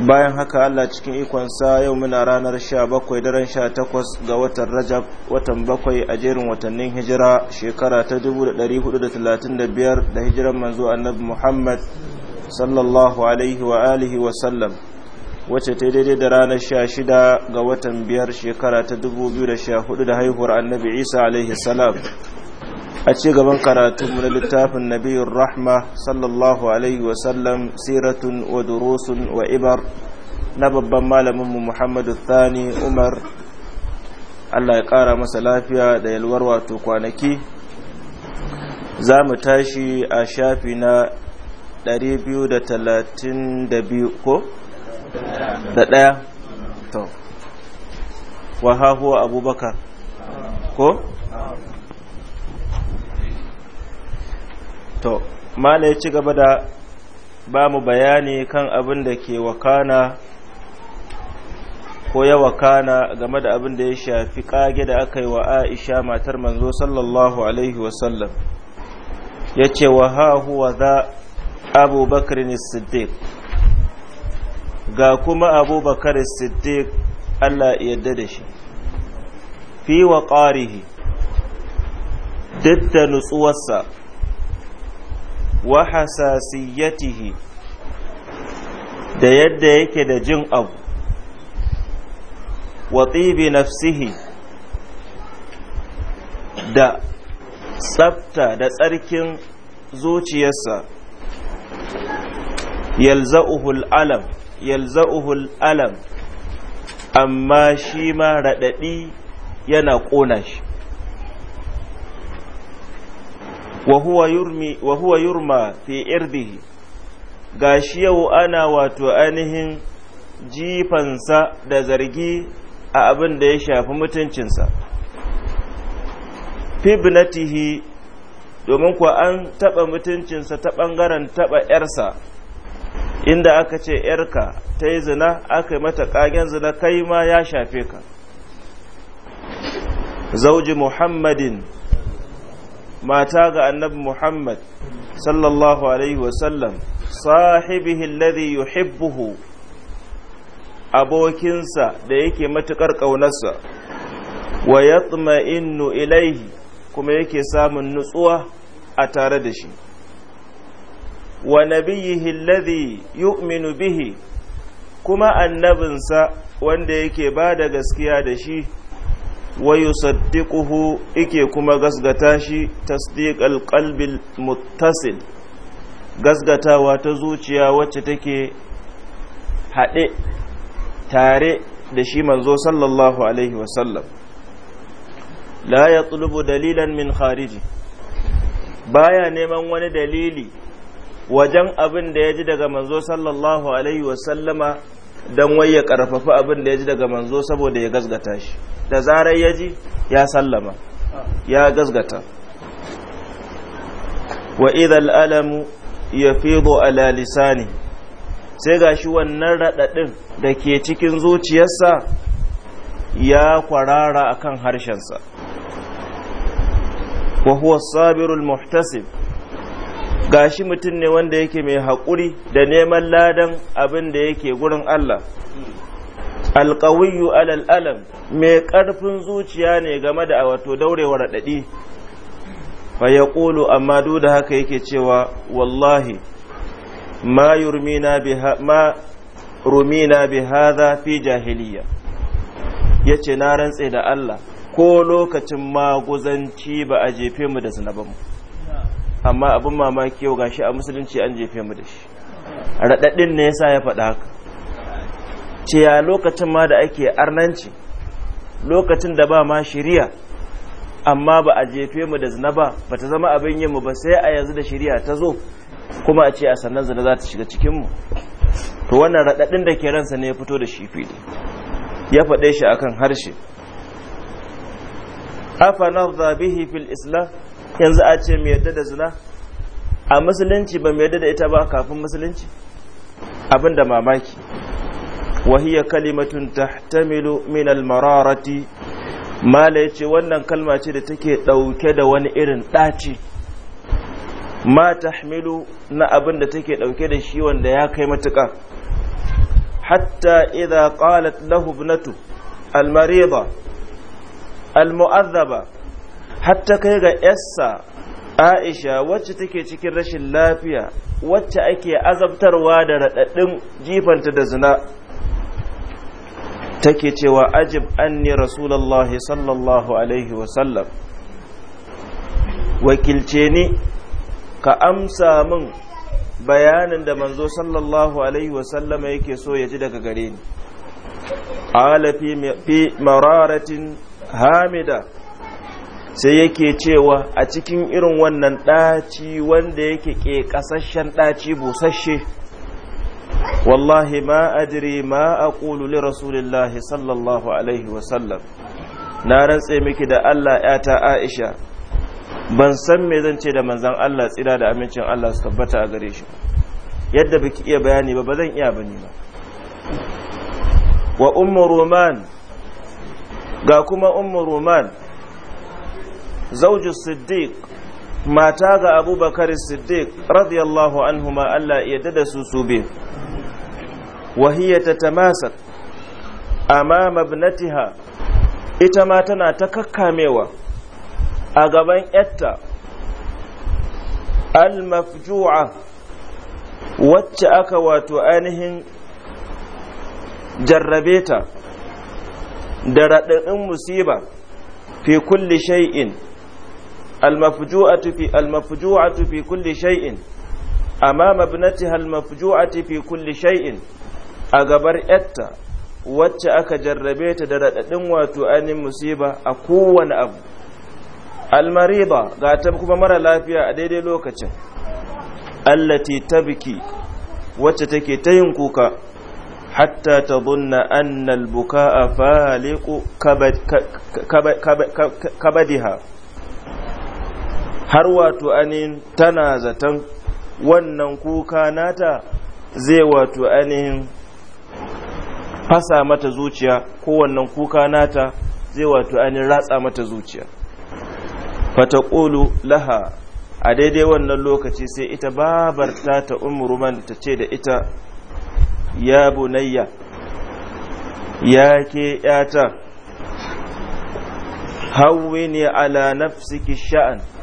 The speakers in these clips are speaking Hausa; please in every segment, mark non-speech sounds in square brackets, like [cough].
bayan haka Allah cikin ikonsa yau muna ranar 17 daren 18 ga watan Rajab watan bakwai a jerin watannin hijira shekara ta 1435 da hijiran manzo Annabi Muhammad sallallahu alaihi wa alihi wa sallam wacce ta daidai da ranar 16 ga watan 5 shekara ta 2014 da haihuwar Annabi Isa alaihi salam a ci gaban karatunmu na littafin nabiyyar rahma sallallahu alaihi wasallam siratun wa durusun wa ibar na babban malaminmu muhammadu thani umar allah ya kara masa lafiya da yalwar wato kwanaki za mu tashi a shafi na 232 ko? da ɗaya to wa hahuwa abubakar ko? to mana ya ci gaba da ba mu bayani kan abin da ke wakana ko ya wakana game da abin da ya shafi kage da aka yi wa aisha matar manzo sallallahu alaihi wasallam ya ce wa ha huwa za abubakar siddiq ga kuma abubakar siddiq allah yadda da shi fi wa ƙarihi duk da nutsuwarsa wa hasasiyatihi da yadda yake da jin abu wa tsibi nafsihi da tsafta da tsarkin zuciyarsa yalza'uhul alam yalza'uhul alam amma shi ma raɗaɗi yana ƙona shi wa huwa yurma fi irdihi shi yau ana wato ainihin jifansa da zargi a abin da ya shafi mutuncinsa fibnatihi domin kuwa an taɓa mutuncinsa ta ɓangaren taɓa ‘yarsa inda aka ce ‘yarka ta yi zina aka yi mata ƙagen zina kai ma ya shafe ka zauji muhammadin mata ga annabi Muhammad sallallahu alaihi wasallam sahibihi alladhi yuhibbuhu abokinsa da yake matuƙar ƙaunarsa wa yatma'innu ilaihi kuma yake samun nutsuwa a tare da shi wa nabiyihi alladhi yu'minu bihi kuma annabinsa wanda yake ba da gaskiya da shi wa yusaddiquhu ike kuma gasgata shi tasdiƙar qalbil muttasil gasgatawa ta zuciya wacce take haɗe tare da shi manzo sallallahu alaihi wasallam la ya dalilan min khariji baya neman wani dalili wajen abin da ya ji daga manzo sallallahu alaihi wasallama don wai ya karfafa abin da ya ji daga manzo saboda ya gazgata shi da zarar ya ji ya sallama ya gazgata wa idal alamu ya fido ala lisani sai ga shi wannan raɗaɗin da ke cikin zuciyarsa ya kwarara akan harshensa wa huwa sabirul muhtasib gashi mutum ne wanda yake mai haƙuri da neman ladan abin da yake gurin Allah alƙawiyu alal alam mai ƙarfin zuciya ne game da wato daurewa raɗaɗi fa ya ƙulu amma duk da haka yake cewa wallahi ma rumina bi hadha fi jahiliya yace na rantse da Allah ko lokacin maguzanci ba a jefe mu da zinabanmu amma abin mamaki yau gashi a musulunci an jefe mu da shi raɗaɗin ne yasa ya faɗa haka ce ya lokacin ma da ake arnanci lokacin da ba ma shiriya amma ba a jefe mu da zina ba ba ta zama abin yin mu ba sai a yanzu da shiriya ta zo kuma a ce a sannan zina za ta shiga mu to wannan raɗaɗin da ke ransa ne ya fito da shi fili ya faɗe shi akan harshe afa nadha bihi fil islam yanzu a ce mai yadda da zina a musulunci ba mai yadda da ita ba kafin musulunci abin da mamaki وهي كلمة تحتمل من المرارة ya ce wannan kalma ce da take dauke da wani irin ɗaci, ma tahmilu na abin da take dauke da shi wanda ya kai matuka hatta idan qalat lahu ibnatu al almu'azzaba hatta kai ga yassa aisha wacce take cikin rashin lafiya wacce ake azabtarwa da raɗaɗin jifanta da zina take cewa ajib anni rasulallah sallallahu alaihi wasallam wakilce ni ka amsa min bayanin da manzo sallallahu alaihi wasallam yake so ya ji daga gare ni Alafi fi mararatin hamida sai yake cewa a cikin irin wannan ɗaci wanda yake ke ƙasashen ɗaci busashe wallahi ma adiri ma a li rasulillahi sallallahu alaihi wasallam na rantse miki da allah yata aisha ban san me zan ce da manzan allah tsira da amincin allah su tabbata a gare shi yadda biki iya bayani ba ba zan iya bane ba wa umar roman ga kuma umar roman zauju siddiq mata ga abubakar siddiq radiyallahu anhuma allah ya dada su su biyu wahiyya ta tamasak amama ibnatiha ita ma tana ta kakkamewa a gaban yatta al-mafju'a wacce aka wato ainihin jarrabe ta da raɗaɗin musiba fi kulli shay'in المفجوعة في المفجوعة في كل شيء أمام ابنتها المفجوعة في كل شيء أغبر أتا wacce aka jarrabe ta da raɗaɗin wato ainihin musiba a kowane abu almariba ga ta kuma mara lafiya a daidai lokacin allati tabki wacce take ta yin kuka hatta ta bunna annal a faliqu kabadiha har wato anin tana zaton wannan kuka nata zai wato ainihin fasa mata zuciya ko wannan kuka nata zai wato ainihin ratsa mata zuciya fata ƙulu laha a daidai wannan lokaci sai ita babar ta ta umruman ta ce da ita ya bunayya ya ke yata hawwini ala nafsiki sha'an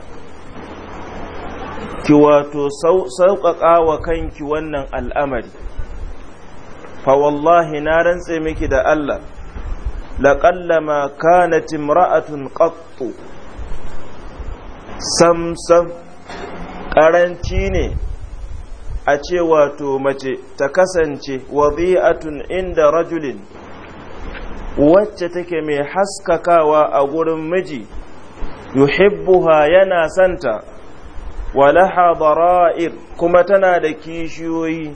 ki wato sauƙaƙa wa kanki wannan al'amari fa wallahi na rantse miki da Allah laƙallama kanat imra'atun qattu sam sam ƙaranci ne a ce wato mace ta kasance wadi'atun inda rajulin wacce take mai haskakawa a gurin miji yuhibbuha yana santa walaha dara'ir kuma tana da kishiyoyi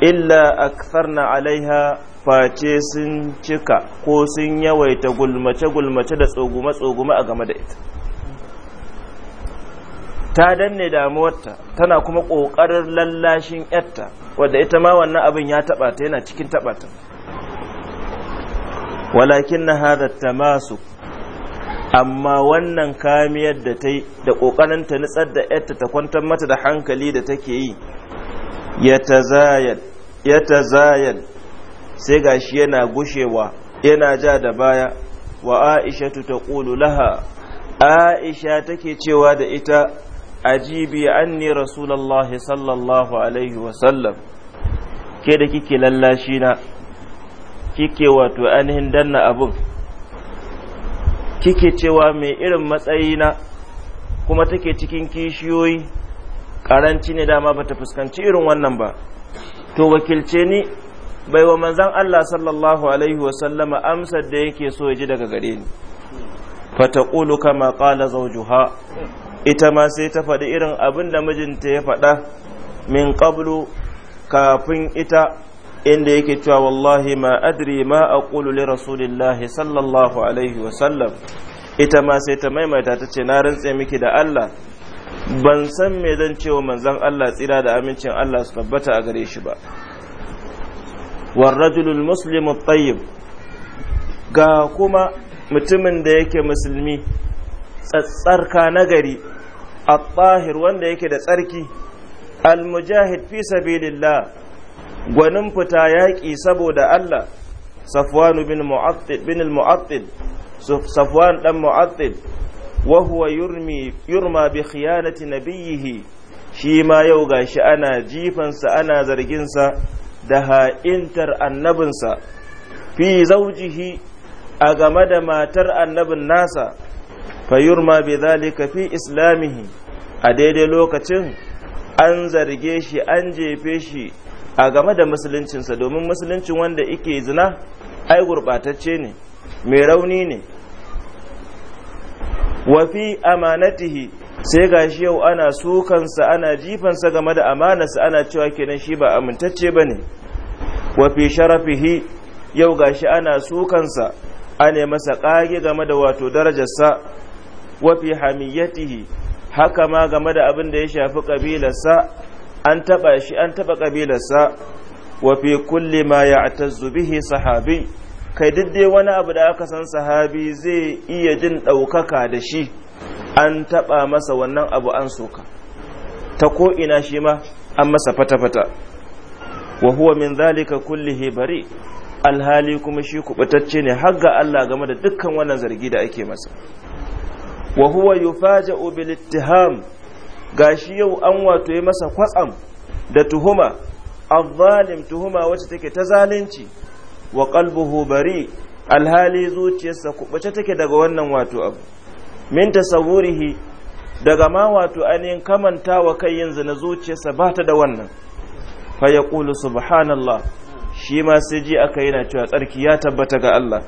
illa aktharna alaiha face sun cika ko sun yawaita gulmace-gulmace da tsoguma-tsoguma a game da ita ta danne damuwarta tana kuma ƙoƙarin lallashin yatta wadda ita ma wannan abin ya taɓa ta yana cikin taɓa ta walakin na hada tamasu amma wannan kamiyar da ta yi da ƙoƙarin ta nutsar da yarta ta kwantar mata da hankali da take yi ya ta zayan sai gashi yana gushewa yana ja da baya wa aisha ta ƙulu laha aisha take cewa da ita ajibi ne rasulallah sallallahu alaihi wasallam ke da kike lallashi na kike wato ainihin danna abin kike cewa mai irin matsayi na kuma take cikin kishiyoyi karanci ne dama bata fuskanci irin wannan ba to wakilce ni bai wa manzan Allah sallallahu alaihi wasallama amsar da yake so ya ji daga gare ni fataƙulu kama ƙala zaujuha ita ma sai ta faɗi irin abin da mijinta ya faɗa min ƙablu kafin ita inda yake cewa wallahi ma adri ma aqulu li rasulillahi sallallahu alaihi wa sallam ita ma sai ta maimaita ta ce na rantse miki da Allah ban san me zan ce wa manzon Allah tsira da amincin Allah su tabbata a gare shi ba war rajulul muslimu tayyib ga kuma mutumin da yake musulmi tsatsarka nagari at-tahir wanda yake da tsarki al-mujahid fi sabilillah gwanin fita yaƙi saboda Allah safwanu bin mu'attid bin al-mu'attid safwan dan mu'attid wa huwa yurmi yurma bi khiyanati nabiyhi shi ma yau gashi ana jifansa ana zarginsa da ha'intar annabinsa fi zaujihi a game da matar annabin nasa fayurma bi zalika fi islamihi a daidai lokacin an zarge shi an jefe shi a game da musuluncinsa domin musuluncin wanda ike zina ai gurɓatacce ne mai rauni ne wafi amanatihi sai gashi yau ana sukansa ana jifansa game da amanarsa ana cewa kenan shi ba amintacce ba ne wafi sharafihi yau gashi ana sukansa ana masa ƙage game da wato darajarsa wafi hamiyatihi haka ma game da abin da ya shafi ƙabilarsa an taba shi an taba kabilarsa wa fi kulli ma ya'tazzu bihi sahabi kai dai wani abu da aka san sahabi zai iya jin daukaka da shi an taba masa wannan abu an soka ta ko ina shi ma an masa fata-fata wa huwa min zalika kullihi bari alhali kuma shi kubutacce ne har ga Allah game da dukkan wannan zargi da ake masa wa huwa yufaja'u bil ittiham gashi yau an wato yi masa kwatsam da tuhuma azzalim tuhuma wacce take ta zalunci wa qalbuhu bari alhali zuciyarsa kubace take daga wannan wato abu min tasawurihi daga ma wato anin kamanta wa kai yin zina zuciyarsa ba ta da wannan fa ya subhanallah shi ma sai ji aka yana cewa tsarki ya tabbata ga Allah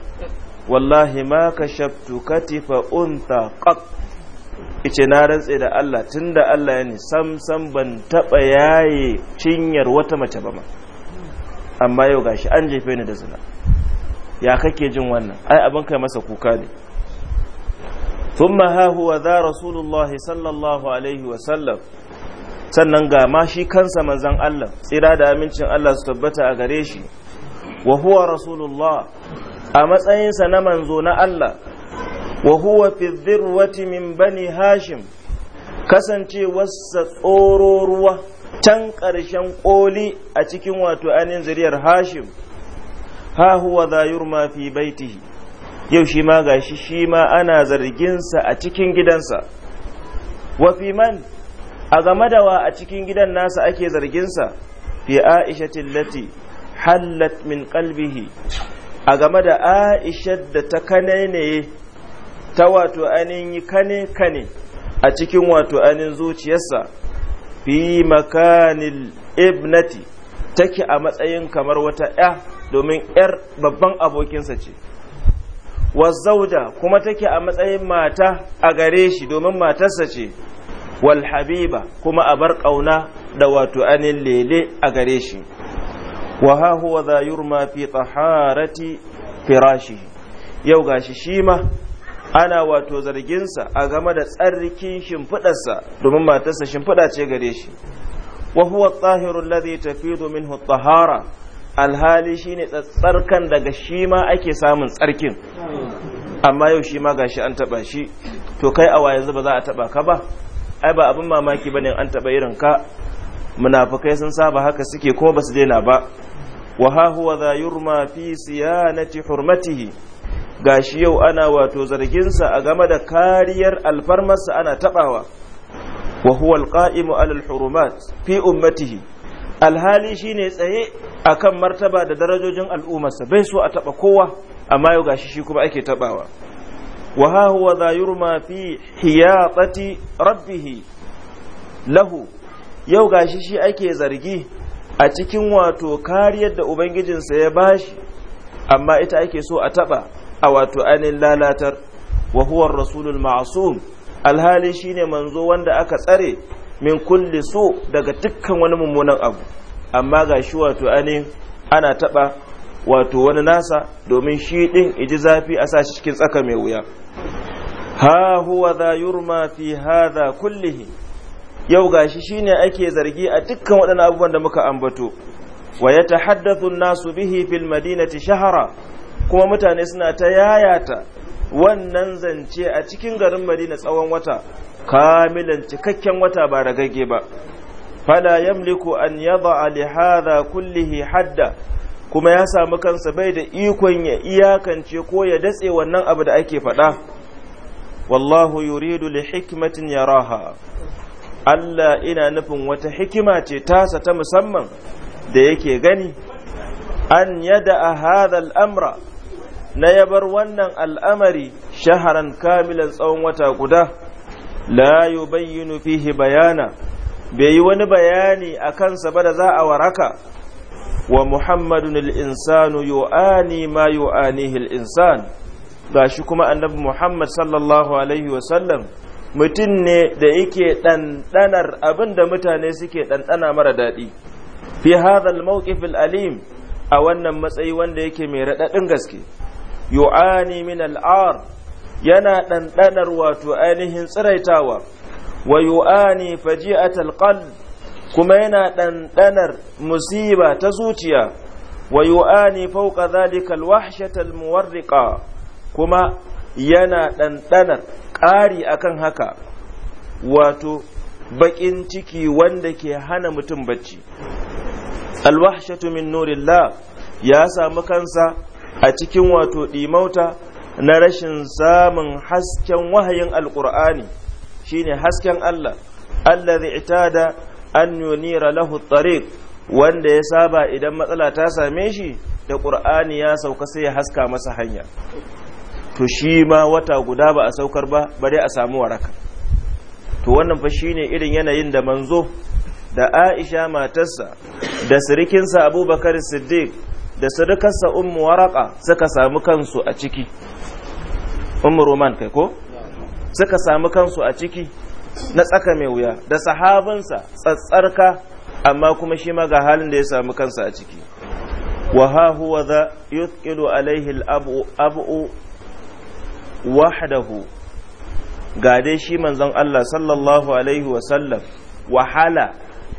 wallahi ma ka shaftu katifa unta qat ice na rantse da Allah tun da Allah ya ne sam ban taɓa yaye cinyar wata mace ba ma amma yau gashi an jefe ni da zina ya kake jin wannan ai abin kai masa kuka ne thumma ha huwa za رسول sallallahu alaihi wa sallam sannan ga ma shi kansa manzan Allah tsira da amincin Allah su tabbata a gare shi wa huwa rasulullah a matsayinsa na manzo na Allah wa huwa fi dhirwati min bani hashim kasancewarsa tsororuwa tan ƙarshen ƙoli a cikin wato anin zuriyar hashim ha huwa za yurma fi baitihi yau shi ma gashi shi ma ana zarginsa a cikin gidansa wa fi man a game da wa a cikin gidan nasa ake zarginsa fi aisha tillati hallat min qalbihi a game da aisha da ta kanainaye ta wato anin yi kane kane a cikin wato anin zuciyarsa fi makanil ibnati take a matsayin kamar wata ya domin yar babban abokinsa ce wazzauja kuma take a matsayin mata a gare shi domin matarsa ce Walhabiba kuma a bar kauna da wato anin lele a gare shi wa ha huwa yurma fi taharati firashi yau gashi shi ma ana wato zarginsa a game da tsarkin shimfiɗarsa domin matarsa shimfiɗa ce gare shi wa huwa tsahiru alladhi tafidu minhu tahara alhali shine tsarkan daga shi ma ake samun tsarkin amma yau shi ma gashi an taba shi to kai a yanzu ba za a taba ka ba ai ba abin mamaki bane an taba irin ka munafikai sun saba haka suke kuma basu daina ba wa ha huwa za yurma fi siyanati hurmatihi gashi yau ana wato zarginsa a game da kariyar alfarmarsa ana taɓawa. wa huwa alqa'imu alal hurumat fi ummatihi alhali shine tsaye akan martaba da darajojin al'ummarsa bai so a taba kowa amma yau gashi shi kuma ake tabawa wa ha huwa za yurma fi hiyatati rabbih lahu yau gashi shi ake zargi a cikin wato kariyar da ubangijinsa ya bashi amma ita ake so a taɓa. a wato ainihin lalatar wa huwa rasulul ma'asum alhali shine manzo wanda aka tsare min kulli su daga dukkan wani mummunan abu amma ga shi wato ainihin ana taba wato wani nasa domin shi din iji zafi a sashi cikin tsaka mai wuya ha huwa za yurma fi hadha kullihi yau gashi shine ake zargi a dukkan waɗannan abubuwan da muka ambato wa yatahaddathu an-nasu bihi fil madinati shahara kuma mutane suna ta yayata wannan zance a cikin garin madina tsawon wata kamilan cikakken wata ba ragage ba fala yamliku an yaba li lihada kullihi hadda kuma ya samu kansa bai da ikon ya iyakance ko ya datse wannan abu da ake faɗa wallahu yuridu li hikmatin yaraha Allah ina nufin wata hikima ce tasa ta musamman da yake gani an yada a hadal amra na ya bar wannan al'amari shaharan kamilan tsawon wata guda la yubayyinu fihi bayana bai yi wani bayani a kansa ba da za a waraka wa muhammadun al'insanu yu'ani ma yu'anihi al'insan ga shi kuma annabi muhammad sallallahu alaihi wasallam mutum ne da yake ɗanɗanar abin da mutane suke ɗanɗana mara daɗi fi hadha al-mawqif al-alim a wannan matsayi wanda yake mai raɗaɗin gaske yu'ani min al'ar yana ɗanɗanar wato ainihin tsiraitawa wa yu'ani faji'at alqalb kuma yana ɗanɗanar musiba ta zuciya wa yu'ani fawqa dhalika kuma yana ɗanɗanar ƙari akan haka wato baƙin ciki wanda ke hana mutum bacci alwahshatu min nurillah ya samu kansa a cikin wato ɗimauta na rashin samun hasken wahayin alƙur'ani shine hasken Allah Allah zai itada an yunira lahu tariq wanda ya saba idan matsala ta same shi da ƙur'ani ya sauka sai ya haska masa hanya to shi ma wata guda ba a saukar ba bare a samu waraka to wannan fa shine irin yanayin da manzo da Aisha matarsa da sirikinsa Abubakar Siddiq da sadakarsa ummu waraka suka samu kansu a ciki ummu roman kai ko suka samu kansu a ciki na tsaka mai wuya da sahabansa tsatsarka amma kuma shi ma ga halin da ya samu kansa a ciki wa ha huwa za yuthqilu alaihi al-abu abu wahdahu ga dai shi manzon Allah sallallahu alaihi wa sallam wahala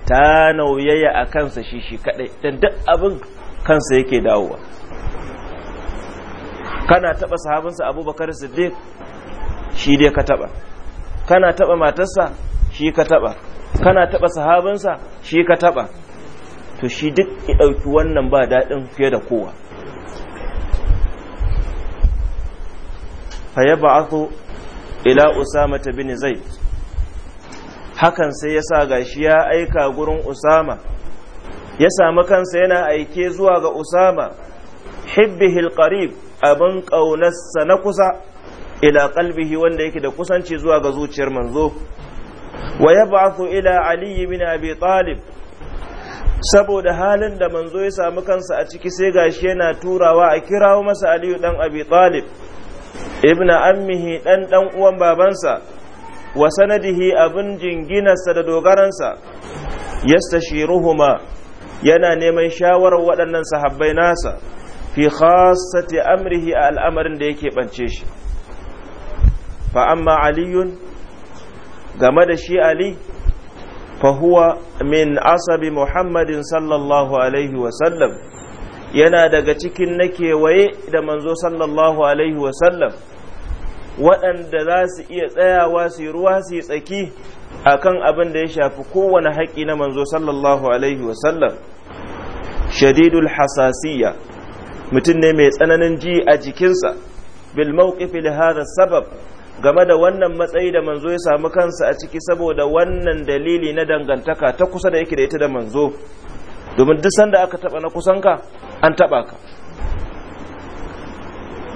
ta nauyaya a kansa shi shi kadai dan duk abin kansa yake dawowa kana taba sahabinsa abubakar siddiq shi dai ka taba kana taba matarsa shi ka taba kana taba sahabinsa shi ka taba to shi duk ya ɗauki wannan ba daɗin fiye da kowa ya ba'athu ila usama bin zaid hakan sai ya sa gashi ya aika gurin usama ya samu kansa yana aike zuwa ga usama hibbihil qarib abin ƙaunarsa na kusa ila qalbihi wanda yake da kusanci zuwa ga zuciyar manzo wa yab'athu ila ali bin abi talib saboda halin da manzo ya samu kansa a ciki sai gashi yana turawa a kirawo masa aliyu dan abi talib ibn ammihi dan dan uwan babansa wa sanadihi abin jinginarsa da dogaransa yastashiruhuma yana neman shawarar waɗannan sahabbai nasa fi khasati amrihi a al'amarin da yake bance shi fa amma aliyun game da shi ali fa huwa min asabi muhammadin sallallahu alaihi wasallam yana daga cikin na kewaye da manzo sallallahu alaihi wasallam waɗanda za su iya tsayawa su yi ruwa su yi tsaki akan abin da ya shafi kowane haƙi na manzo sallallahu alaihi wasallam shadidul hasasiya mutum ne mai tsananin ji a jikinsa bil mawqifi li hadha sabab game da wannan matsayi da manzo ya samu kansa a ciki saboda wannan dalili na dangantaka ta kusa da yake da ita da manzo domin duk sanda aka taba na kusanka an taba ka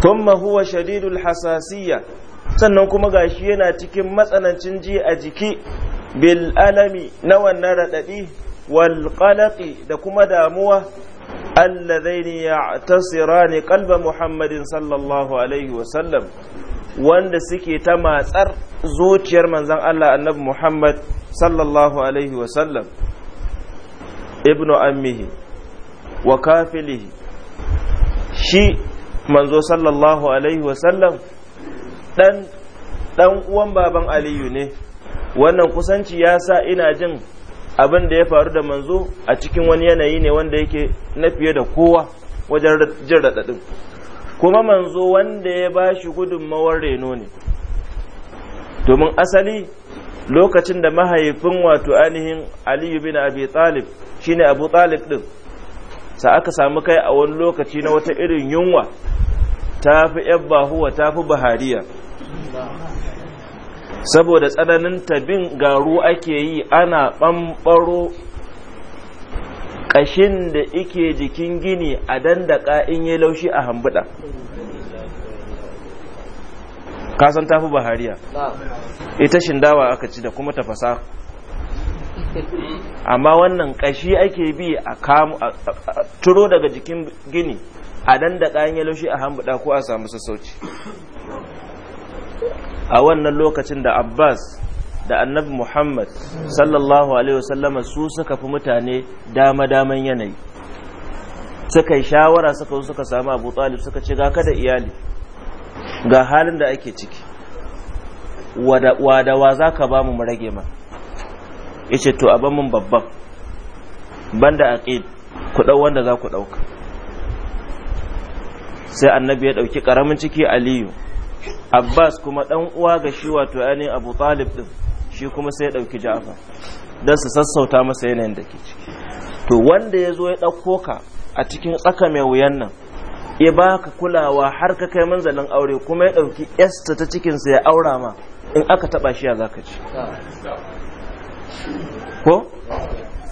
thumma huwa shadidul hasasiyya sannan kuma gashi yana cikin matsanancin ji a jiki bil alami na wannan raɗaɗi wal da kuma damuwa ya tasira ya'tasirani qalba muhammadin sallallahu alaihi wa sallam wanda suke ta matsar zuciyar manzan Allah annabi Muhammad sallallahu alaihi wa sallam ibnu ammihi wa kafilihi shi manzo sallallahu alaihi wa sallam dan dan uwan baban aliyu ne wannan kusanci ya sa ina jin abin da ya faru da manzo a cikin wani yanayi ne wanda yake na fiye da kowa wajen jin raɗaɗin kuma manzo wanda ya ba shi gudunmawar reno ne domin asali lokacin da mahaifin wato ainihin aliyu bin abi talib shine abu talib din sa aka samu kai a wani lokaci na wata irin yunwa ta fi yabba huwa ta fi bahariya saboda tsananin tabin garu ake yi ana ɓamɓaro ƙashin da ike jikin gini a dandaka in yi laushi a hambuɗa kasan tafi bahariya ita shindawa aka ci da kuma tafasa amma wannan ƙashi ake bi a turo daga jikin gini a dandaka in yi laushi a hambuɗa ko a samu sassauci a wannan lokacin da abbas da annabi muhammad sallallahu alaihi wasallama su suka fi mutane dama-daman yanayi suka yi shawara suka suka samu abu talib suka ce ga kada iyali ga halin da ake ciki wada wadawa za ka ba mu rage ma ce to a mun babban banda aqid ku dau wanda za ku dauka sai annabi ya dauki karamin ciki aliyu abbas kuma dan uwa ga shi wato ani abu talib din shi kuma sai dauki ɗauki dan don su sassauta masa yanayin da ke ciki to wanda ya zo ya ɗauko ka a cikin tsaka mai wuyan nan ya baka kulawa har ka kai manzalin aure kuma ya ɗauki yasta ta cikin sa ya aura ma in aka taɓa shi ya za ka ci ko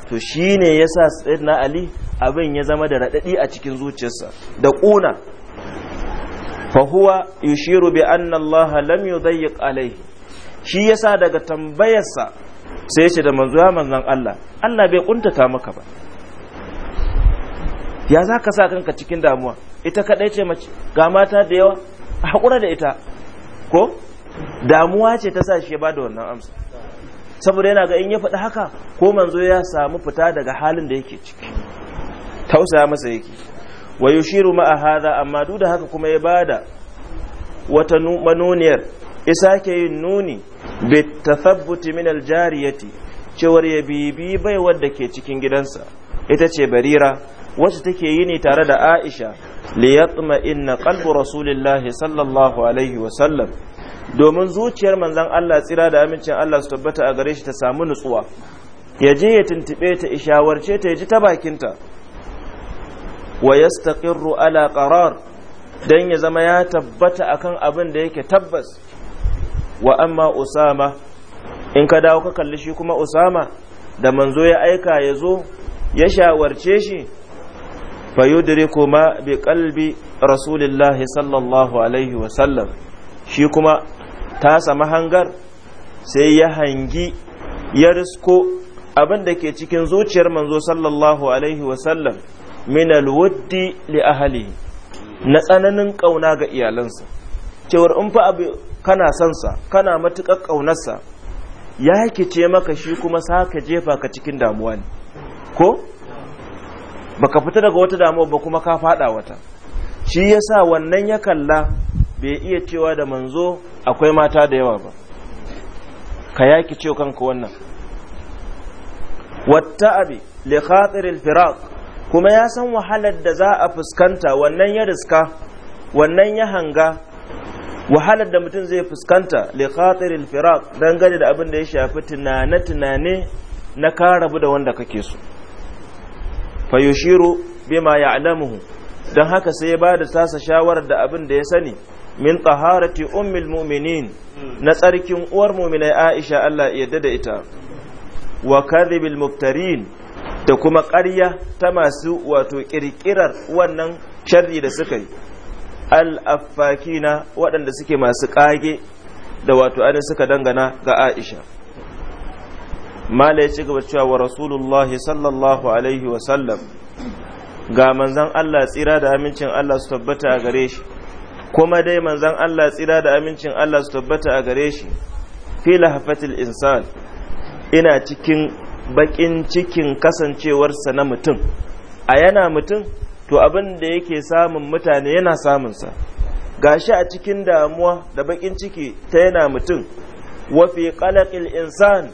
to shi ne yasa ali abin ya zama da radadi a cikin zuciyarsa da ƙuna fahuwa yushiru bi anna Allah lam yudayyiq alaihi shi yasa daga tambayarsa sai shi da manzo ya manzon Allah Allah bai kuntata maka ba ya za ka sa kanka cikin damuwa ita kadai ce mace ga mata da yawa a haƙura da ita ko damuwa ce ta sa shi ya bada wannan amsa saboda yana ga in ya faɗi haka ko manzo ya samu fita daga halin da yake ciki tausaya masa yake wa yushiru ma'a hadha amma duk da haka kuma ya bada wata manuniyar isa ke yin nuni bi tathabbuti min aljariyati cewar ya bibi bai wadda ke cikin gidansa ita ce barira wacce take yi ne tare da aisha li yatma inna qalbu rasulillahi sallallahu alaihi wa sallam domin zuciyar manzon Allah tsira da amincin Allah su tabbata a gare shi ta samu nutsuwa ya je ya tuntube ta ishawarce ta ya ji ta bakinta wa yastaqirru ala qarar dan ya zama ya tabbata akan abin da yake tabbas wa amma usama in ka dawo ka kalli shi kuma usama da manzo ya aika ya zo ya shawarce shi Fa yudriku ma bi qalbi rasulillahi sallallahu alaihi wa sallam shi kuma ta tasa hangar sai ya hangi ya risko abin da ke cikin zuciyar manzo sallallahu alaihi wa sallam min alwaddi li ahali na tsananin kauna ga iyalansa cewar in fa abu kana son sa kana matukar ƙaunarsa ya ce maka shi kuma saka jefa ka cikin damuwa ne ko baka fita daga wata damuwa ba kuma ka faɗa wata shi yasa wannan ya kalla bai iya cewa da manzo akwai mata da yawa ba ka yaki ce kanka wannan watta'abi li khatiril firaq kuma ya san wahalar da za a fuskanta wannan ya riska wannan ya hanga wahalar da mutum zai fuskanta li khatiril firaq dangane da abin da ya shafi tunane tunane na karabu da wanda kake so fa yushiru bima ya'lamuhu dan haka sai ya ba da tasa shawarar da abin da ya sani min taharati ummil mu'minin na tsarkin uwar mu'minai Aisha Allah ya yarda da ita wa kadhibil muftarin da kuma ƙarya ta masu wato ƙirƙirar wannan sharri da suka yi al'affakina waɗanda suke masu ƙage da wato ainihin suka dangana ga aisha mala ya ci gaba cewa wa rasulullah sallallahu alaihi wasallam ga manzan allah tsira da amincin allah su tabbata a gare shi kuma dai manzan allah tsira da amincin allah su tabbata a gare shi fi lahafatil insan ina cikin bakin cikin kasancewarsa na mutum a yana mutum to abin da yake samun mutane yana samunsa gashi a cikin damuwa da bakin ciki ta yana mutum wafi qalaqil insan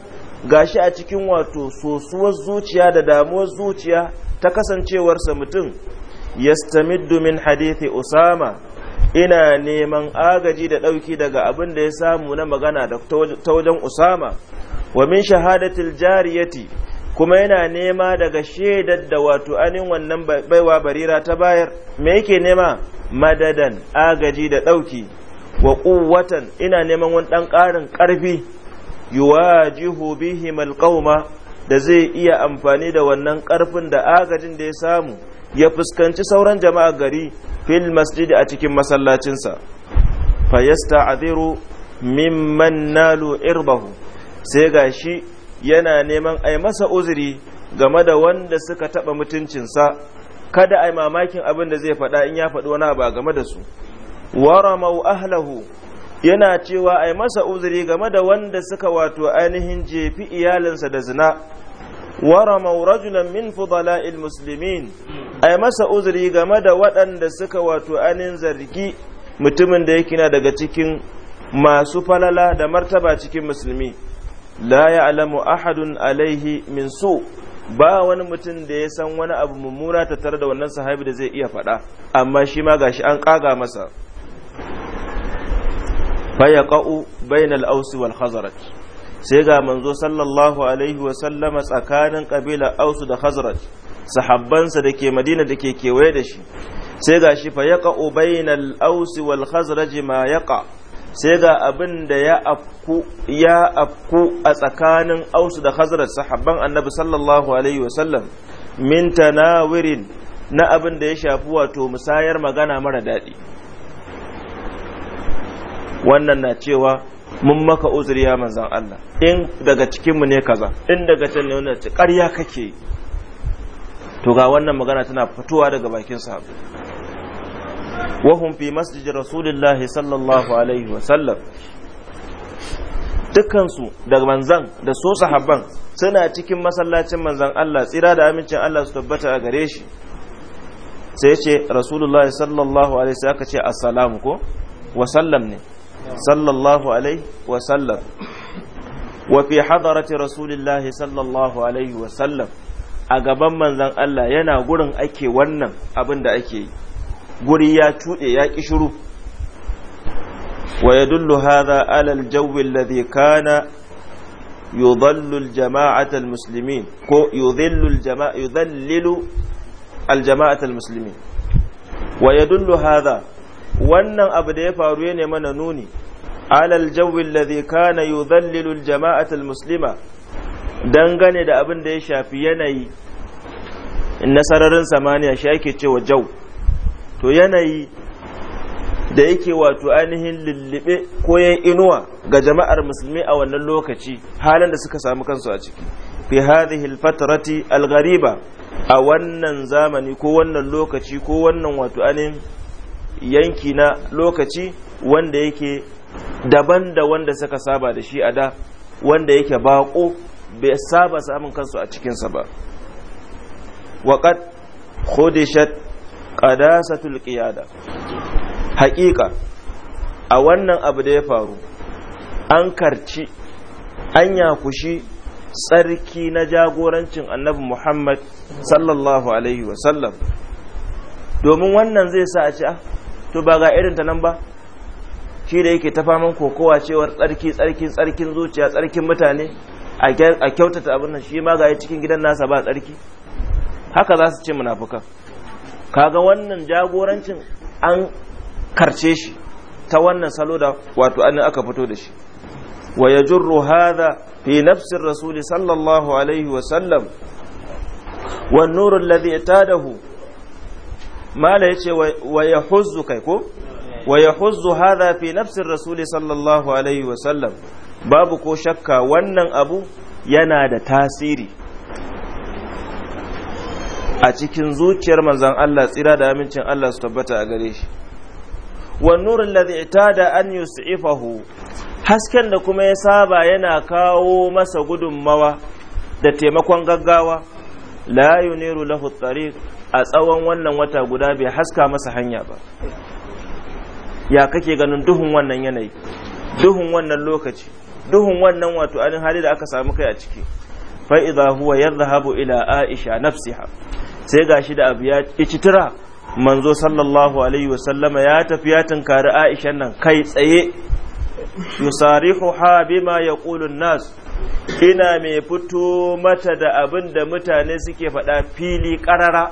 gashi a cikin wato sosuwar zuciya da damuwar zuciya ta kasancewarsa mutum yastamiddu min hadithi usama ina neman agaji da ɗauki daga abin da ya samu na magana da ta wajen usama wa min shahadatil jariyati kuma yana nema daga shaidar da wato anin wannan baiwa barira ta bayar me yake nema madadan agaji da ɗauki wa ƙuwatan ina neman wani ɗan ƙarin karfi yuwajihu bihim alqauma da zai iya amfani da wannan ƙarfin da agajin da ya samu ya fuskanci sauran jama'a gari fil masjid a cikin masallacinsa fayasta'dhiru mimman nalu irbahu sai ga shi yana neman a masa uzuri game da wanda suka taba mutuncinsa kada ai mamakin abin da zai faɗa in ya faɗi wani ba game da su waramau ahlahu yana cewa ai masa uzuri game da wanda suka wato ainihin jefi iyalinsa da zina waramau rajulan min fudala'il musulmin a masa uzuri game da waɗanda suka wato ainihin zargi mutumin da yake na daga cikin masu falala da martaba cikin musulmi la ya'lamu ahadun alaihi min su ba wani mutum da ya san wani abu mummuna tare da wannan sahabi da zai iya faɗa amma shi ma gashi an kaga masa faya ƙa'u bayan ausi wal sai ga manzo sallallahu alaihi wa sallama tsakanin ƙabila ausu da khazraj sahabbansa da ke madina da ke kewaye da shi sai ga shi faya ƙa'u bayan ausi wal ma yaqa sai ga abin da ya afku a tsakanin ausu da hazarar sahabban annabi sallallahu alaihi wasallam min tanawirin na abin da ya shafi wato musayar magana mara daɗi wannan na cewa mun maka uzuri ya manzan Allah in daga cikinmu ne kaza in daga can ne wannan ƙarya kake to ga wannan magana tana fitowa daga bakin sahabu رسول fi صلى الله sallallahu alaihi wasallam su da manzan da so sahabban suna cikin masallacin manzan Allah tsira da amincin Allah su tabbata a gare shi sai ce rasulullahi sallallahu alaihi sai aka ce assalamu ko sallam ne sallallahu alaihi sallam wa fi hadarati rasulillahi sallallahu alaihi wa sallam. a gaban manzan Allah yana gurin ake wannan abin da ake yi guri ya cuɗe ya ƙi shuru. wa yadullu hadha ala al-jawi alladhi kana yudhallu al-jama'ata al-muslimin ko yudhillu al-jama'a yudhallilu al-jama'ata al-muslimin wa yadullu hadha wannan abu da ya faru ne mana nuni ala al-jawi alladhi kana yudhallilu al-jama'ata al-muslima dangane da abin da ya shafi yanayi na sararin samaniya shi ake cewa jawi to yanayi da yake wato ainihin lullube ko yan inuwa ga jama'ar musulmi a wannan lokaci halin da suka samu kansu a ciki fi hadhihi alfatrati alghariba a wannan zamani ko wannan lokaci ko wannan wato ainihin yanki na lokaci wanda yake daban da wanda suka saba da shi a da wanda yake bako bai saba samun kansu a cikinsa ba waƙat khudishat qadasatul qiyada haƙiƙa a wannan abu da ya faru an karci anya kushi tsarki na jagorancin annabi Muhammad sallallahu alaihi wasallam domin wannan zai sa a ci ah to ba ga irin ta nan ba shi da yake ta faman kokowa cewar tsarki tsarkin tsarkin zuciya tsarkin mutane a kyautata abin nan shi ma ga cikin gidan nasa ba tsarki haka za su ce munafukan kaga wannan jagorancin an karce shi ta wannan salo da wato an aka fito da shi wa ya yajurru hada fi nafsin rasuli sallallahu alaihi wa sallam wan nur alladhi tadahu mala yace wa ya huzzu kai ko wa ya huzzu hada fi nafsin rasuli sallallahu alaihi wa sallam babu ko shakka wannan abu yana da tasiri a cikin zuciyar manzan Allah tsira da amincin Allah su tabbata a gare shi wa nurin ladhi da an yus'ifahu hasken da kuma ya saba yana kawo masa gudunmawa da taimakon gaggawa la yuniru lahu tariq a tsawon wannan wata guda bai haska masa hanya ba ya kake ganin duhun wannan yanayi duhun wannan lokaci duhun wannan wato anin hali da aka samu kai a ciki fa idza huwa yadhhabu ila aisha nafsiha sai gashi da abu ya citira manzo sallallahu alaihi wasallama ya tafi ya tunkari aisha nan kai tsaye yusarihu ha bima yaqulu nas ina mai fito mata da abin da mutane suke faɗa fili ƙarara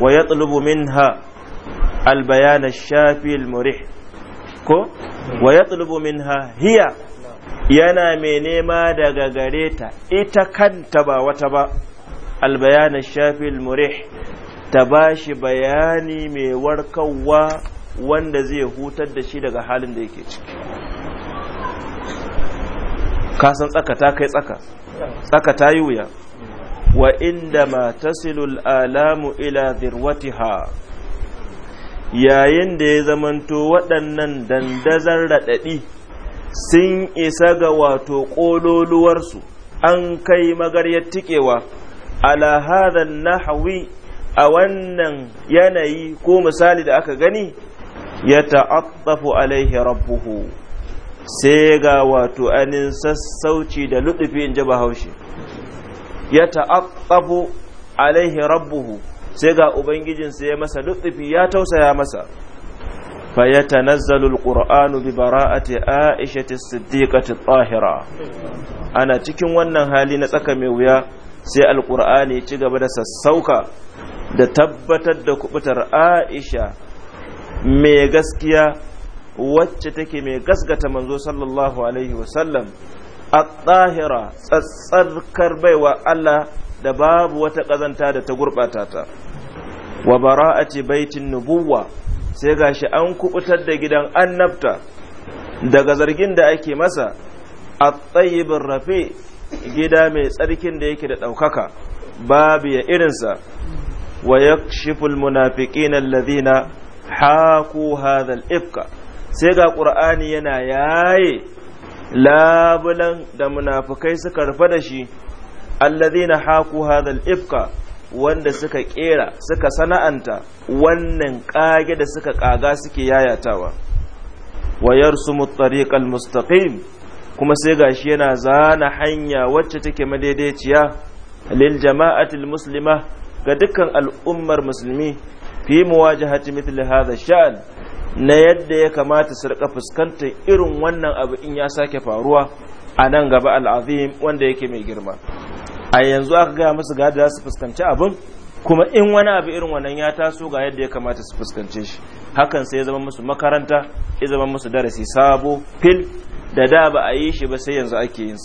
wa ya minha albayana shafi al-murih ko wa ya minha hiya yana mai nema daga gare ta ita kanta ba wata ba albayanin shafi murih ta ba shi bayani mai warkarwa wanda zai hutar da shi daga halin da yake ciki kasan tsaka ta kai tsaka tsaka ta yi wuya wa inda ma tasilul alamu ila zirwatiha yayin da ya zamanto waɗannan dandazar raɗaɗi sun isa ga wato ƙololuwarsu an kai magaryar tikewa ala hadha nahwi a wannan yanayi ko misali da aka gani ya ta'attafu alaihi rabbuhu sai ga wato anin sassauci da ludufi in ji bahaushe ya ta'attafu alaihi rabbuhu sai ga ubangijin ya masa ludufi ya tausaya masa fa ya tanazzalul qur'anu bi bara'ati aisha as-siddiqati tahira ana cikin wannan hali na tsaka mai wuya sai alkur'ani ci gaba da sassauka da tabbatar da kubutar aisha mai gaskiya wacce take mai gasgata manzo sallallahu alaihi wasallam a tsahira tsatsarkar baiwa Allah da babu wata ƙazanta da ta gurɓata ta wa bara'ati baitin nubuwa sai gashi an kubutar da gidan annabta daga zargin da ake masa a tsayibin rafi. gida mai tsarkin da yake da ɗaukaka babu ya irinsa wa ya shiful munafiƙin na haku hadhal ifka sai ga ƙur'ani yana yaye labulan da munafukai suka rufe da shi allazina haku hadhal ifka wanda suka kera suka sana'anta wannan kage da suka kaga suke yayatawa wa yarsumu tariqal mustaqim kuma sai gashi yana zana hanya wacce take madaidaiciya lil jama'atil muslima ga dukkan al'ummar musulmi fi muwajahati mithli hadha sha'an na yadda ya kamata su rika fuskantar irin wannan abu in ya sake faruwa a nan gaba al'azim wanda yake mai girma a yanzu aka gaya musu ga da su fuskanci abin kuma in wani abu irin wannan ya taso ga yadda ya kamata su fuskance shi hakan sai ya zama musu makaranta ya zama musu darasi sabo fil da da ba a yi shi ba sai yanzu ake yin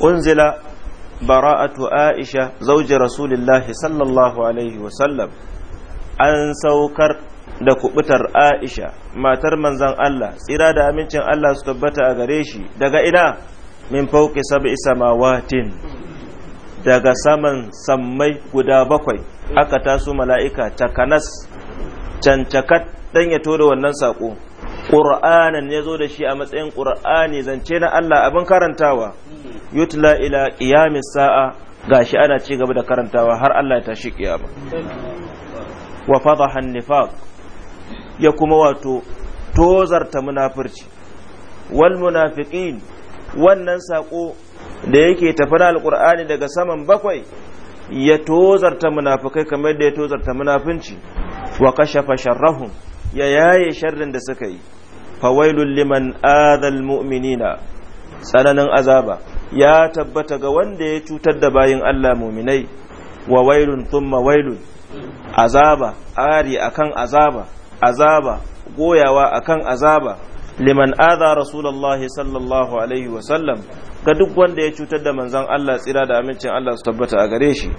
unzila bara'atu aisha zauji rasulullahi sallallahu alaihi wasallam an saukar da kubutar aisha matar manzan Allah tsira da amincin Allah su tabbata a gare shi daga ina min fauki sab'i samawatin daga saman sammai guda bakwai aka taso mala'ika takanas cancakat dan ya tura wannan sako ƙur'anin ya zo da shi a matsayin ƙur'ani zance na Allah abin karantawa yutla ila ƙiyamis sa'a gashi ana ci gaba da karantawa har Allah ya tashi ƙiyama wa fadahan nifaq ya kuma wato tozarta munafurci. wal munafiqin wannan sako da yake tafi na alƙur'ani daga saman bakwai ya tozarta munafukai kamar da ya tozarta munafinci wa kashafa sharrahum ya yaye sharrin da suka yi fawailun liman adal mu'minina tsananin azaba ya tabbata ga wanda ya cutar da bayin Allah muminai wa wailun thumma wailun azaba ari akan azaba azaba goyawa akan azaba liman adha rasulullah sallallahu alaihi wa sallam ga duk wanda ya cutar da manzon Allah tsira da amincin Allah su tabbata a gare shi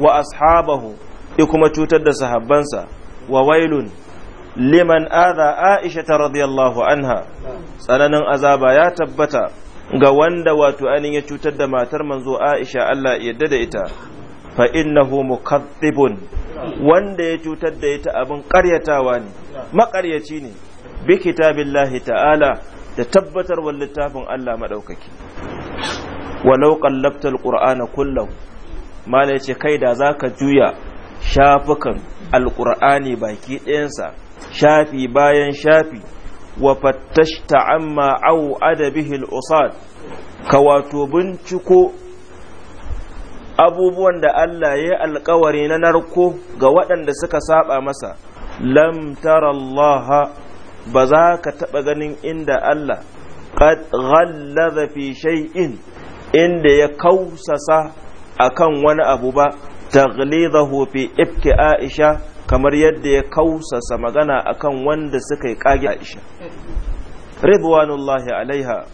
wa ashabahu ya kuma cutar da sahabbansa wa wailun liman aza aisha ta radiyallahu anha tsananin azaba ya tabbata ga wanda wato anin ya cutar da matar manzo aisha Allah ya yarda da ita fa innahu mukaththibun wanda ya cutar da ita abin ƙaryatawa ne makaryaci ne bi kitabillahi ta'ala da tabbatarwar littafin Allah madaukaki walau qallabta alqur'ana kullu mala yace kai da zaka juya shafukan alqur'ani baki ɗayansa shafi bayan shafi wa fattashta amma au adabihi al-usad ka wato binciko abubuwan da Allah ya alkawari na narko ga waɗanda suka saba masa lam tarallaha ba za ka taɓa ganin inda Allah qad ghallaza fi shay'in inda ya kausasa akan wani abu ba taghlidahu fi ibki aisha kamar yadda ya kausasa magana akan wanda suka yi kage Aisha ridwanullahi alaiha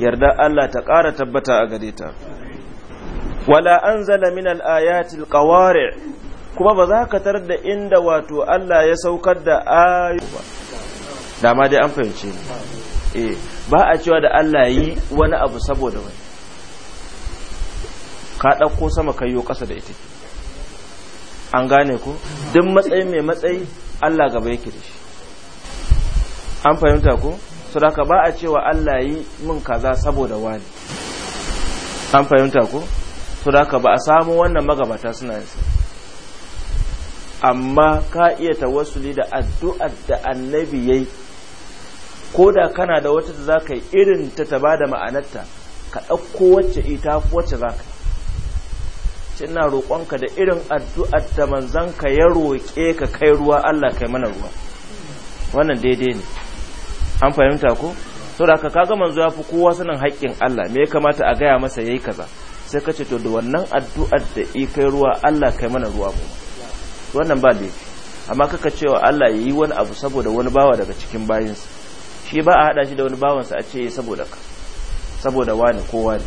yarda Allah ta ƙara tabbata a gare ta wala anzala min al-ayati kuma ba za ka tar da inda wato Allah ya saukar da ayu dama dai an fahimce ni eh ba a cewa da Allah yi wani abu saboda wani ka ɗauko sama kayo ƙasa da ita an gane ku duk matsayi mai matsayi Allah gaba yake da shi an fahimta ko saboda ba a cewa Allah yi min kaza saboda wani an fahimta ko saboda ba a samu wannan magabata suna yin amma ka iya tawassuli da addu'ar da annabi yayi ko da kana da wata da zaka yi irin ta ta bada ma'anarta ka ɗauko wacce ita wacce zaka ce ina roƙonka da irin addu'ar da ka ya roƙe ka kai ruwa Allah kai mana ruwa wannan daidai ne an fahimta ko saboda ka kaga manzo ya fi kowa sanin haƙƙin Allah me ya kamata a gaya masa yayi kaza sai ka ce to da wannan addu'ar da i kai ruwa Allah kai mana ruwa mu wannan ba laifi amma kaka cewa Allah yayi wani abu saboda wani bawa daga cikin bayinsa shi ba a hada shi da wani bawansa a ce eh, saboda ka saboda wani ko wani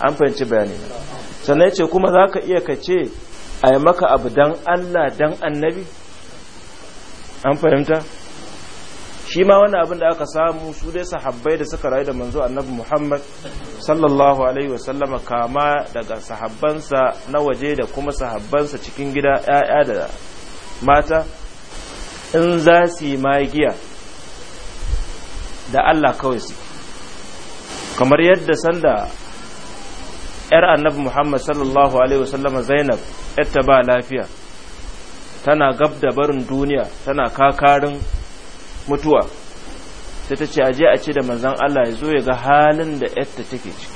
an fahimci bayani sannan ce kuma za ka iya kace a yi maka abu dan Allah dan annabi an fahimta shi ma wani abin da aka samu su dai sahabbai da suka rayu da manzo annabi Muhammad sallallahu alaihi wasallama kama daga sahabbansa na waje da kuma sahabbansa cikin gida ‘ya'ya da mata in za su yi magiya da Allah kawai su kamar yadda sanda yar annabi muhammad sallallahu alaihi wasallama zainab yadda ba lafiya tana gab da barin duniya tana kakarin mutuwa sai ta ce a je a ce da manzan allah ya zo ya ga halin da yadda take ciki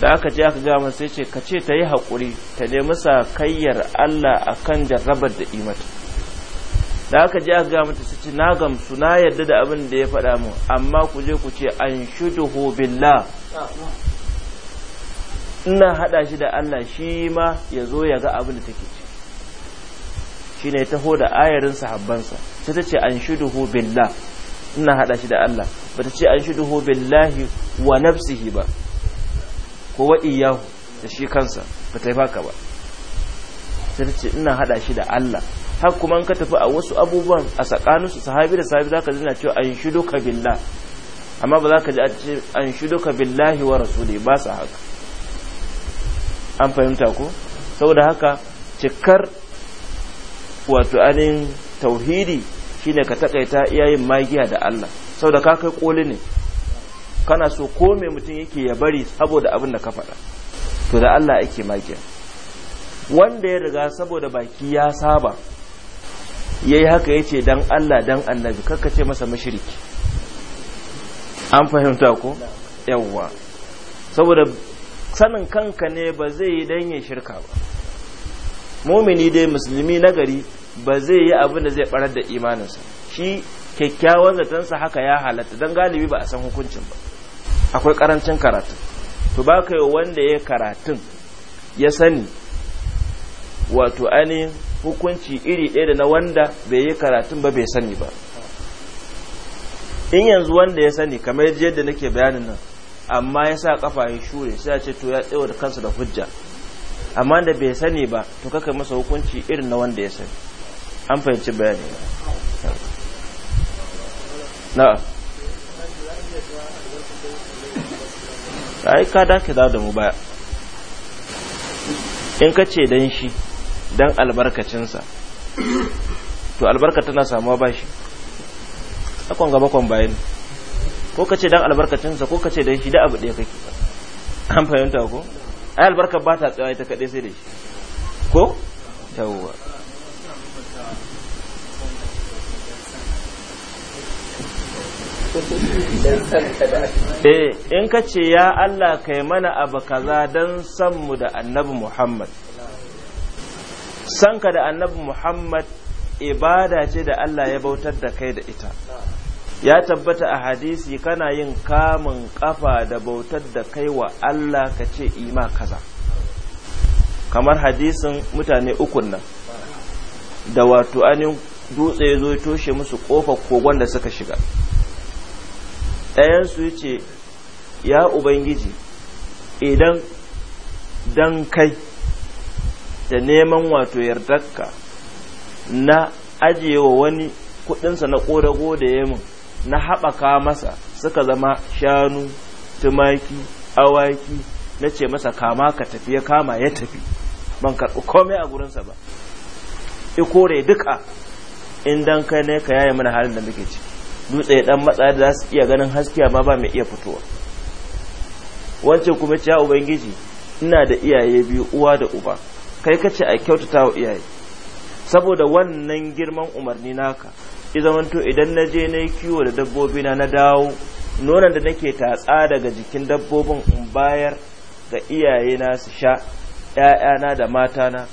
da aka ji aka gama sai ce ka ce ta yi haƙuri ta nemi kayyar allah a kan jarrabar da imata da aka je aka gama ta sai ce na gamsu na yarda da abin da ya faɗa mu amma ku je ku ce an billah ina hada shi da Allah shi ma ya zo ya ga abin da take ci shi ne taho da ayarin sahabbansa sai ta ce an shuduhu billah ina hada shi da Allah ba ta ce an shuduhu billahi wa nafsihi ba ko wa iyahu da shi kansa ba ta yi baka ba sai ta ce ina hada shi da Allah har kuma ka tafi a wasu abubuwan a tsakaninsu sahabi da sahabi zaka ji na cewa an shuduka billah amma ba za ka ji an shuduka billahi wa rasuli ba sa haka an fahimta ko saboda haka cikar wato anin tauhidi shine ka takaita iyayen magiya da Allah saboda ka kai koli ne kana so ko me mutum yake ya bari saboda abin da ka faɗa to da Allah yake magiya wanda ya riga saboda baki ya saba yayi haka yace dan Allah dan annabi kakka ce masa mushriki an fahimta ko yawwa saboda sanin kanka ne ba zai yi dan ya shirka ba mumini dai musulmi nagari ba zai yi abin da zai barar da imaninsa shi kyakkyawan zatansa haka ya halatta don galibi ba a san hukuncin ba akwai karancin karatu to ba ka yi wanda ya karatun ya sani wato ainihin hukunci iri ɗaya da na wanda bai yi karatun ba bai sani ba in yanzu wanda ya sani kamar yadda nake bayanin nan amma ya sa kafa ya shure sai ya ce to ya tsaye da kansa da hujja amma da bai sani ba to kaka masa hukunci irin na wanda ya sani an fahimci bayani na ai ka dace da da mu baya in ka ce dan shi dan albarkacinsa to albarka tana samuwa ba shi akon gaba kwan bayani ko ka ce dan albarkacinsa ko ka ce don shi da abu ɗaya kake an fahimta ko ai albarkar ba ta tsawai ta kaɗai sai da shi ko yawwa eh in ka ce ya Allah kai mana abu kaza dan san mu da annabi Muhammad sanka da annabi Muhammad ibada ce da Allah ya bautar da kai da ita ya tabbata a hadisi kana yin kamun kafa da bautar da kaiwa Allah ka ce ima kaza kamar hadisin mutane ukun nan da wato anin dutse zo toshe musu kofar kogon da suka shiga ɗayansu ya ce ya ubangiji idan dan kai da neman wato yardarka na ajiyewa wani kudinsa na ƙorago da yamin na haɓaka masa suka zama shanu tumaki awaki na ce masa kama ka tafi ya kama ya tafi ban karɓi komai a gurinsa ba i kore duka in don kai ne ka yaye mana halin da muke ci dutse ya dan matsa da za su iya ganin haske amma ba mai iya fitowa wancan kuma cewa ubangiji ina da iyaye biyu uwa da uba kai kace a kyautata wa iyaye saboda wannan girman umarni naka zamanto idan na je na yi kiwo da dabbobi na na dawo nonon da nake tatsa daga jikin dabbobin in bayar ga iyaye na su sha ‘ya'yana da matana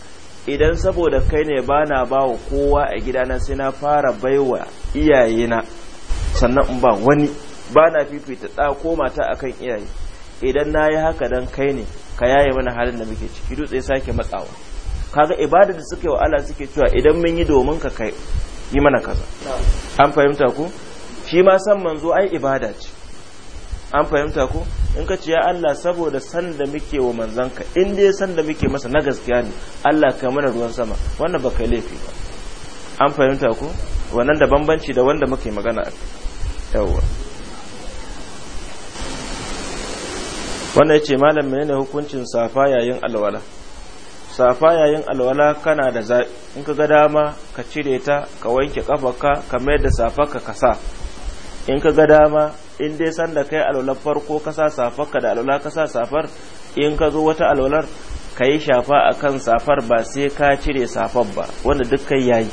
idan saboda kai ne ba na ba wa kowa a gidana sai na fara baiwa iyaye na sannan in ba wani ba na fifita ɗa ko mata akan kan iyaye idan na yi haka dan kai ne ka yaye mana halin da muke ciki dutse sake matsawa kaga ibada da suke yi wa Allah suke cewa idan mun yi domin ka kai yi mana kaza an fahimta ku shi ma san manzo ai ibada ce an fahimta ku in ka ce ya Allah saboda san da muke wa manzanka in dai san da muke masa na gaskiya ne Allah ka mana ruwan sama wannan ba kai laifi ba an fahimta ku wannan da bambanci da wanda muke magana a yawa. wannan yace ce malam menene hukuncin safa yayin alwala safa yayin alwala kana da zaɓi in ka ga dama ka cire ta ka wanke ƙafarka ka mayar da safarka ka sa in ka ga dama in dai sanda kai alwalar farko ka sa safarka da alwala ka sa safar in ka zo wata alwalar ka yi shafa a kan safar ba sai ka cire safar ba wanda duk kai yayi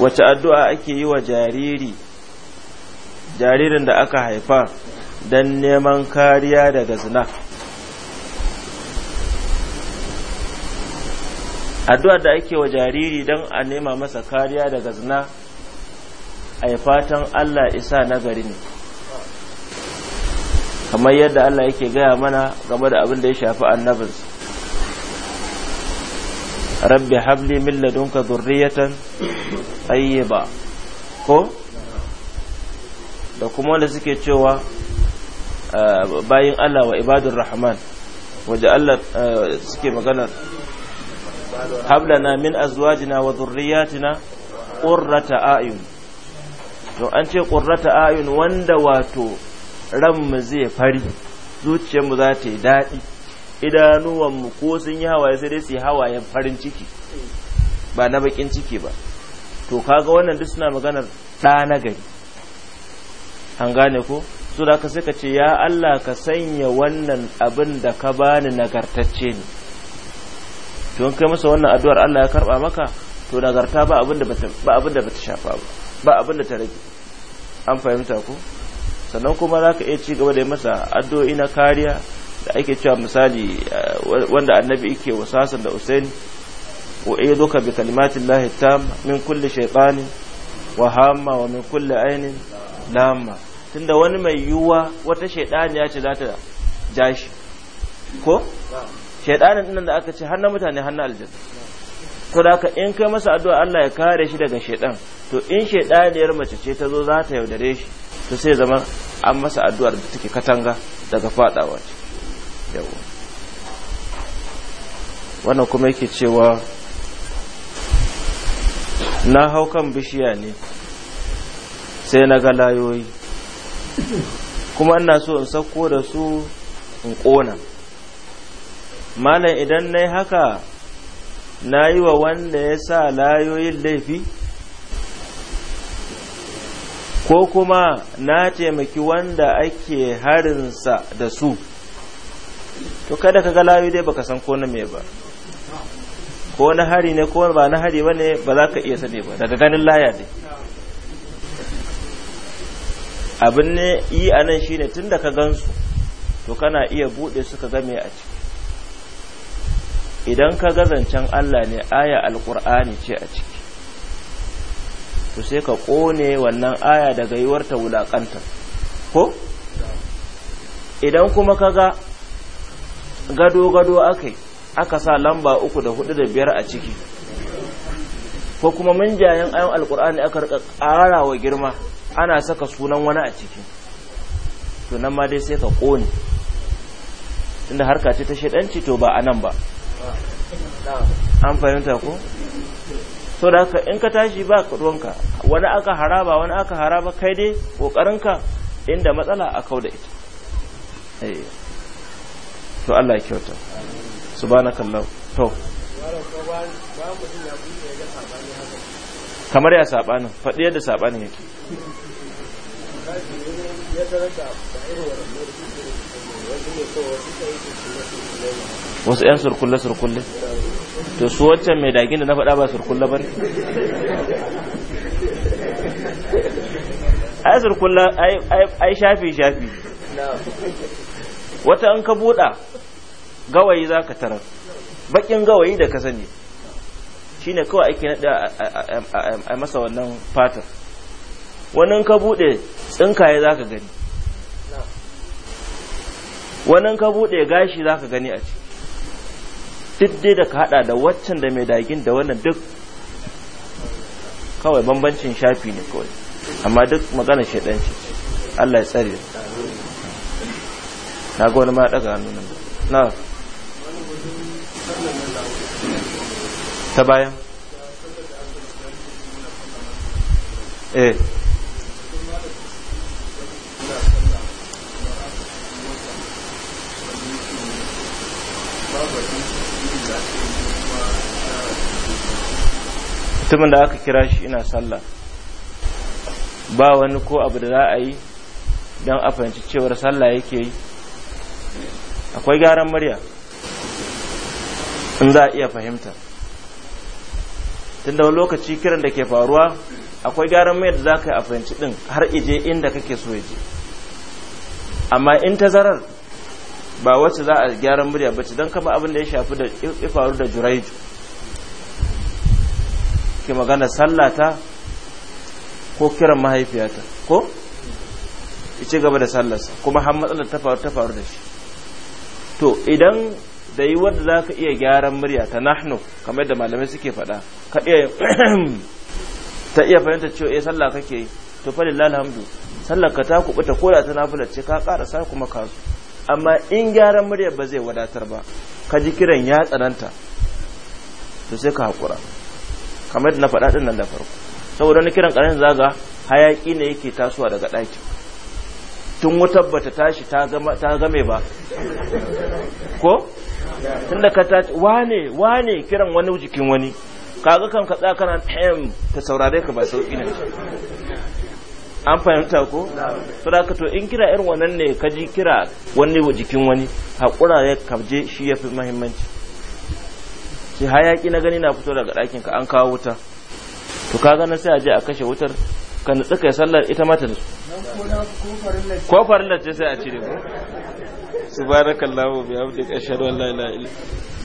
wace addu'a ake yi wa jariri jaririn da aka haifa don neman kariya daga zina addu'a da ake wa jariri don a nema masa kariya daga zina a fatan Allah isa nagari ne kamar yadda Allah yake gaya mana game da abin da ya shafi annabin rabbi habli min ladunka zurriyatan tayyiba ko da kuma wanda suke cewa eh, bayin Allah wa ibadur rahman waje Allah eh, suke magana. hablana min azwajina wa dhurriyyatina qurrata a'yun to an ce qurrata a'yun wanda wato ranmu zai fari zuciyarmu za ta yi daɗi idanuwanmu ko sun yi hawaye sai dai su yi hawayen farin ciki ba na bakin ciki ba to kaga wannan duk suna maganar ɗa na gari an gane ko su da ka sai ka ce ya Allah ka sanya wannan abin da ka bani nagartacce ne to kai masa wannan addu'ar Allah ya karba maka to nagarta ba abin da ba abin da bata shafa ba ba abin da ta rage an fahimta ku. sannan kuma zaka iya ci gaba da masa addu'o'i na kariya da ake cewa misali eh, wanda annabi yake wasasan da Usain wa aiduka bi kalimatillahi tam min kulli shaytanin wa hamma wa min kulli ainin lamma tunda wani mai yiwuwa wata ya ce za ta jashi ko shaidanin dinnan da aka ce har na mutane har na aljanna to da in kai masa addu'a Allah ya kare shi daga shaidan to in shaidaniyar mace ce ta zo za ta yaudare shi to sai zama an masa addu'ar da take katanga daga fadawa ce yawa wannan kuma yake cewa na hau kan bishiya ne sai na ga layoyi kuma ina so in sauko da su in ƙona malam idan na haka na yi wa wanda ya sa layoyin laifi ko kuma na taimaki wanda ake harinsa da su to kada ka ga layoyi dai baka san ko na me ba ko na hari ne ko ba na hari ba ne ba za ka iya sani ba daga ganin laya ne abin ne yi a nan shine tun da ka gansu to kana iya buɗe suka game a ciki idan ka ga zancen Allah ne aya alkur'ani ce a ciki to sai ka kone wannan aya daga yiwarta wulakanta ko idan kuma ka ga gado-gado aka aka sa lamba uku da hudu da biyar a ciki ko kuma minjayen ayon alkur'ani aka rika ƙara wa girma ana saka sunan wani a ciki to nan ma dai sai ka kone tunda harka ce ta shaɗanci to ba a nan ba an fahimta ko so da haka in ka tashi ba ruwanka wani aka haraba wani aka haraba kai dai kokarinka inda matsala a kau da ita eh. to Allah ya kyauta kallon to kamar ya sabanin faɗi yadda sabanin yake wasu 'yan surkulle-surkulle to su wancan mai dagin da na faɗa ba surkulle ba ne ai surkulle ai shafi-shafi wata an ka buɗa gawayi za ka tarar baƙin gawayi da ka sani shi ne kawai ake naɗa a masa wannan fatar wani ka buɗe tsinkaye za ka gani wannan ka buɗe gashi zaka gani a ciki duk dai da ka hada da waccan da mai dagin da wannan duk kawai bambancin shafi ne kawai amma duk magana ce. Allah ya tsare na ga wani ma daga hannu nan na ta bayan eh mutumin da aka kira shi ina sallah ba wani ko abu da za a yi don a fahimci cewar sallah yake yi akwai gyaran murya in za a iya fahimta tun da lokaci kiran da ke faruwa akwai gyaran murya da za ka yi a fahimci din har ije inda kake so ya je amma in ta zarar ba wacce za a gyaran murya ba ce don kama abin da ya shafi da ifaru da juraiju ake magana sallata ko kiran mahaifiyata ko ya ci gaba da sallarsa kuma har matsalar ta faru ta faru da shi to idan da yi wadda za ka iya gyaran murya ta nahnu kamar da malamai suke fada ka iya [clears throat] ta iya fahimta cewa eh sallah kake ke to fadin lalhamdu sallar ka ta kubuta ko da ta nafila ce ka karasa kuma ka su amma in gyaran murya ba zai wadatar ba ka ji kiran ya tsananta to sai ka haƙura kamar na faɗa ɗin nan da farko saboda wani kiran ƙarshen zaga hayaƙi ne yake tasowa daga ɗakin tun wutar bata tashi ta game ba ko tun da ka tashi wane wane kiran wani jikin wani kaga kan ka tsaya kana tayin ta saurare ka ba sauƙi ne an fahimta ko to da to in kira irin wannan ne ka ji kira wani jikin wani haƙura ya kabje shi ya fi muhimmanci sai hayaki na gani na fito daga ɗakin ka an kawo wuta to ka gana sai a je a kashe wutar ka nutsu kai sallar ita mata da ko farilla ce sai a cire ko subhanakallahu bihamdika ashhadu an la ilaha illa